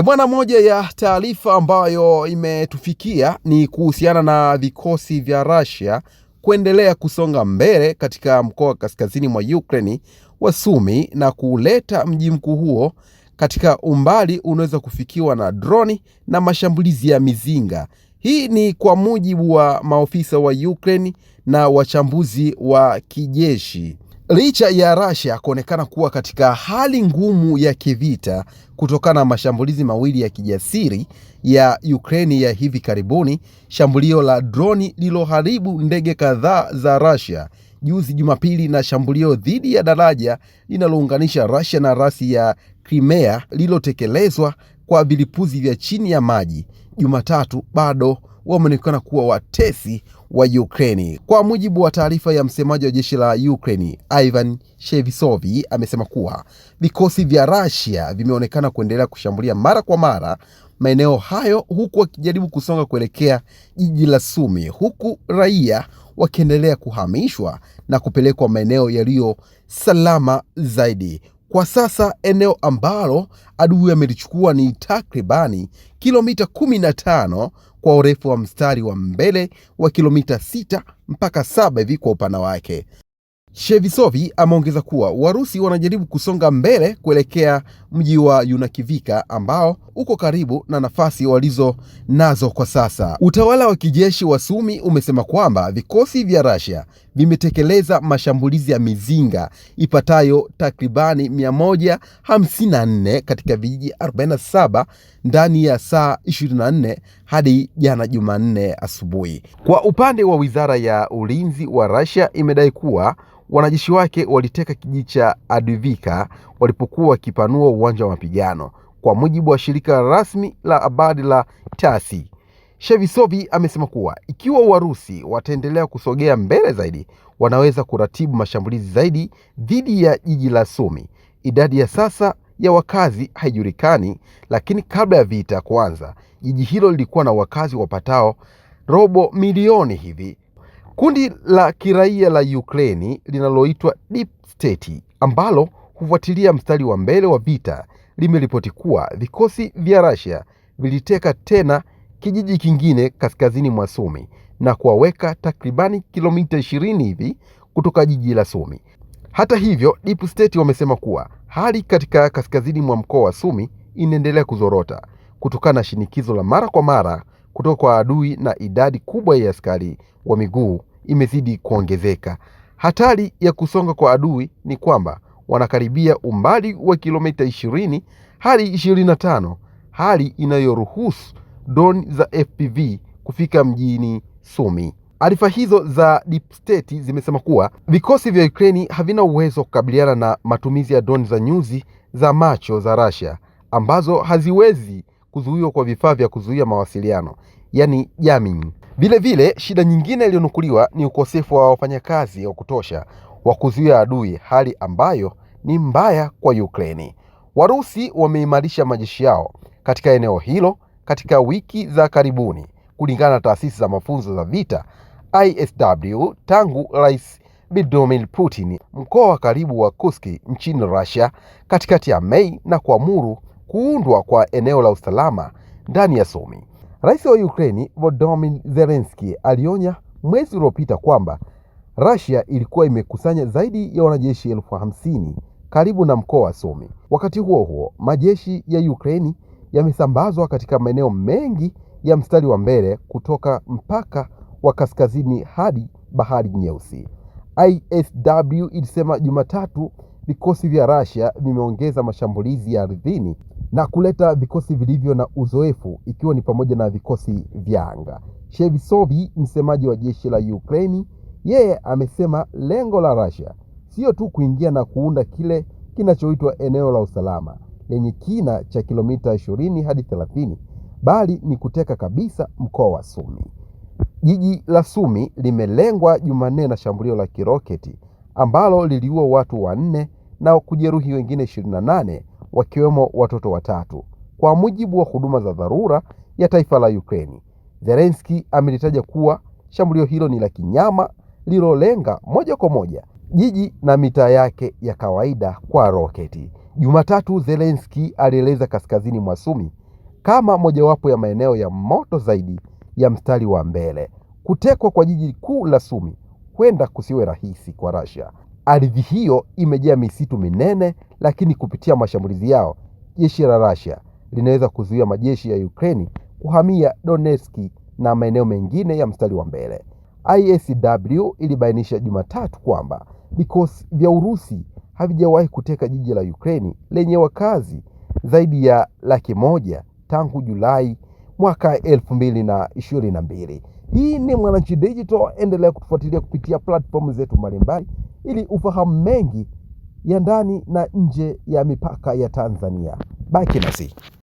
E bwana, moja ya taarifa ambayo imetufikia ni kuhusiana na vikosi vya Russia kuendelea kusonga mbele katika mkoa wa kaskazini mwa Ukraine wa na kuleta mji mkuu huo katika umbali unaweza kufikiwa na droni na mashambulizi ya mizinga. Hii ni kwa mujibu wa maofisa wa Ukraine na wachambuzi wa kijeshi. Licha ya Russia kuonekana kuwa katika hali ngumu ya kivita kutokana na mashambulizi mawili ya kijasiri ya Ukraine ya hivi karibuni, shambulio la droni lililoharibu ndege kadhaa za Russia juzi Jumapili na shambulio dhidi ya daraja linalounganisha Russia na rasi ya Crimea lililotekelezwa kwa vilipuzi vya chini ya maji Jumatatu, bado wameonekana kuwa watesi wa Ukraini. Kwa mujibu wa taarifa ya msemaji wa jeshi la Ukraini, Ivan Shevisovi amesema kuwa vikosi vya Russia vimeonekana kuendelea kushambulia mara kwa mara maeneo hayo huku wakijaribu kusonga kuelekea jiji la Sumi, huku raia wakiendelea kuhamishwa na kupelekwa maeneo yaliyo salama zaidi. Kwa sasa eneo ambalo adui amelichukua ni takribani kilomita 15 kwa urefu wa mstari wa mbele wa kilomita 6 mpaka 7 hivi kwa upana wake. Shevisovi ameongeza kuwa Warusi wanajaribu kusonga mbele kuelekea mji wa Yunakivika ambao uko karibu na nafasi walizo nazo kwa sasa. Utawala wa kijeshi wa Sumi umesema kwamba vikosi vya Russia vimetekeleza mashambulizi ya mizinga ipatayo takribani 154 katika vijiji 47 ndani ya saa 24 hadi jana Jumanne asubuhi. Kwa upande wa wizara ya ulinzi wa Russia imedai kuwa wanajeshi wake waliteka kijiji cha Adivika walipokuwa wakipanua uwanja wa mapigano, kwa mujibu wa shirika rasmi la habari la TASI. Shevisovi amesema kuwa ikiwa Warusi wataendelea kusogea mbele zaidi, wanaweza kuratibu mashambulizi zaidi dhidi ya jiji la Sumi. Idadi ya sasa ya wakazi haijulikani, lakini kabla ya vita kuanza, jiji hilo lilikuwa na wakazi wapatao robo milioni hivi. Kundi la kiraia la Ukraini linaloitwa Deep State ambalo hufuatilia mstari wa mbele wa vita limeripoti kuwa vikosi vya Russia viliteka tena kijiji kingine kaskazini mwa Sumi na kuwaweka takribani kilomita 20 hivi kutoka jiji la Sumi. Hata hivyo, Deep State wamesema kuwa hali katika kaskazini mwa mkoa wa Sumi inaendelea kuzorota kutokana na shinikizo la mara kwa mara kutoka kwa adui na idadi kubwa ya askari wa miguu imezidi kuongezeka. Hatari ya kusonga kwa adui ni kwamba wanakaribia umbali wa kilomita 20 hadi 25, hali inayoruhusu droni za FPV kufika mjini Sumi. Arifa hizo za Deep State zimesema kuwa vikosi vya Ukraine havina uwezo wa kukabiliana na matumizi ya droni za nyuzi za macho za Russia ambazo haziwezi kuzuiwa kwa vifaa vya kuzuia mawasiliano, yani jamming. Vilevile, shida nyingine iliyonukuliwa ni ukosefu wa wafanyakazi wa kutosha wa kuzuia adui, hali ambayo ni mbaya kwa Ukraine. Warusi wameimarisha majeshi yao katika eneo hilo katika wiki za karibuni, kulingana na taasisi za mafunzo za vita ISW. Tangu Rais Vladimir Putin mkoa wa karibu wa Kursk nchini Russia katikati ya Mei na kuamuru kuundwa kwa eneo la usalama ndani ya Sumi. Rais wa Ukraini Volodymyr Zelensky alionya mwezi uliopita kwamba Russia ilikuwa imekusanya zaidi ya wanajeshi elfu hamsini karibu na mkoa wa Sumi. Wakati huo huo, majeshi ya Ukraini yamesambazwa katika maeneo mengi ya mstari wa mbele kutoka mpaka wa kaskazini hadi Bahari Nyeusi. ISW ilisema Jumatatu vikosi vya Russia vimeongeza mashambulizi ya ardhini na kuleta vikosi vilivyo na uzoefu ikiwa ni pamoja na vikosi vya anga. Shevisovi, msemaji wa jeshi la Ukraini, yeye amesema lengo la Russia sio tu kuingia na kuunda kile kinachoitwa eneo la usalama lenye kina cha kilomita 20 hadi 30, bali ni kuteka kabisa mkoa wa Sumi. Jiji la Sumi limelengwa Jumanne na shambulio la kiroketi ambalo liliua watu wanne na kujeruhi wengine 28 wakiwemo watoto watatu, kwa mujibu wa huduma za dharura ya taifa la Ukraini. Zelensky amelitaja kuwa shambulio hilo ni la kinyama lililolenga moja kwa moja jiji na mitaa yake ya kawaida kwa roketi. Jumatatu Zelensky alieleza kaskazini mwa Sumi kama mojawapo ya maeneo ya moto zaidi ya mstari wa mbele. Kutekwa kwa jiji kuu la Sumi huenda kusiwe rahisi kwa Russia. Ardhi hiyo imejaa misitu minene, lakini kupitia mashambulizi yao jeshi la Russia linaweza kuzuia majeshi ya Ukraine kuhamia Donetsk na maeneo mengine ya mstari wa mbele. ISW ilibainisha Jumatatu kwamba vikosi vya Urusi havijawahi kuteka jiji la Ukraine lenye wakazi zaidi ya laki moja tangu Julai mwaka elfu na na mbili Hii ni Mwananchi Digital, endelea kutufuatilia kupitia platform zetu mbalimbali ili ufahamu mengi ya ndani na nje ya mipaka ya Tanzania. Baki nasi.